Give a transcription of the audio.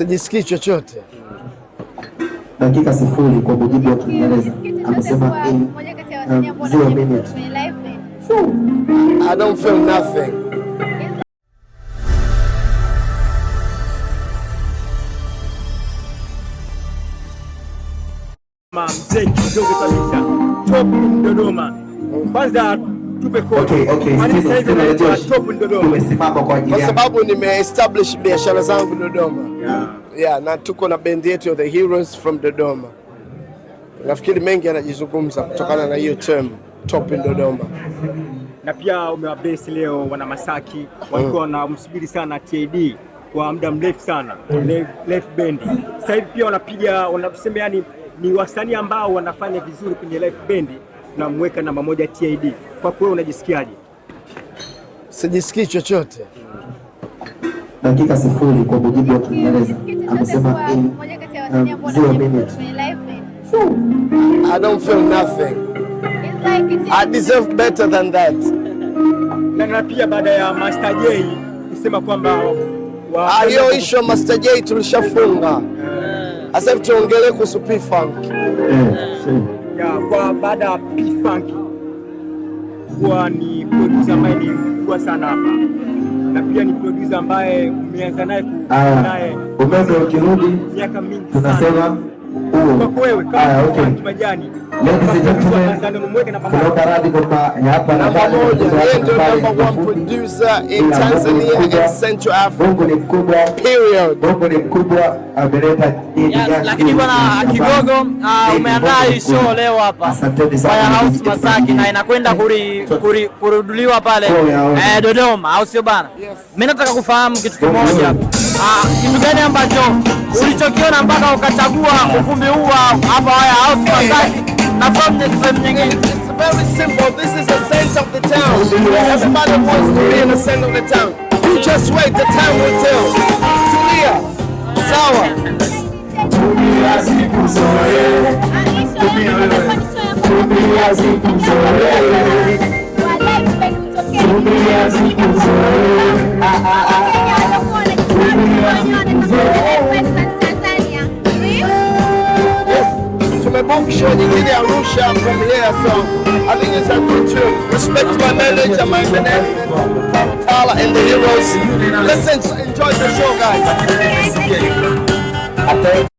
sijisikii chochote. Dakika sifuri kwa mujibu wa Kiingereza, amesema um, zero I don't feel nothing. Mzee kidogo kabisa, top Dodoma kwanza tupe kwa sababu nimeestablish biashara zangu Dodoma. Yeah. Yeah, na tuko na bendi yetu ya The Heroes from Dodoma. Nafikiri mengi anajizungumza kutokana na hiyo term top in Dodoma na pia umewabesi leo wana Masaki walikuwa mm. wanamsubiri sana TID kwa muda mrefu sana left bendi. Sasa hivi pia wanapiga wanasema, yani ni wasanii ambao wanafanya vizuri kwenye left bendi tunamweka namba moja TID. Kwa kweli unajisikiaje? Sijisikii chochote dakika sifuri kwa mujibu wa Kiingereza amesema um, zero minutes. I don't feel nothing. I deserve better than that. Na na pia baada ya Master J kusema kwamba ah, hiyo ishu ya Master J tulishafunga. Eh. Sasa hivi tuongelee kuhusu P Funk. Yeah. Yeah ya kwa baada ya P-Funk kuwa ni producer ambaye ni mkubwa sana hapa na pia ni producer ambaye umeanza naye ah, naye umeanza ukirudi miaka mingi tunasema wewe kama ah, okay. Majani Ladies and gentlemen, kutoka Radical hapa na pale number ni mkubwa. Period. ni mkubwa ameleta nini? Lakini bwana Kigogo uh, umeandaa show leo hapa Firehouse Masaki na inakwenda kuruduliwa pale eh, Dodoma au sio bana? Mimi nataka kufahamu kitu kimoja. Ah, kitu gani ambacho ulichokiona mpaka ukachagua ukumbi huu hapa Firehouse Masaki? I from the from It's very simple. This is the center of the town. Everybody wants to be in the center of the town. You just wait, the town will tell. Tulia, Sawa. Tulia Zikuzoe. Tulia Zikuzoe. Tulia Zikuzoe. book show nyingine ya Arusha from here, so I think it's a good to respect my manager, my manager from Tala and the Heroes. Listen, enjoy the show guys. Okay, think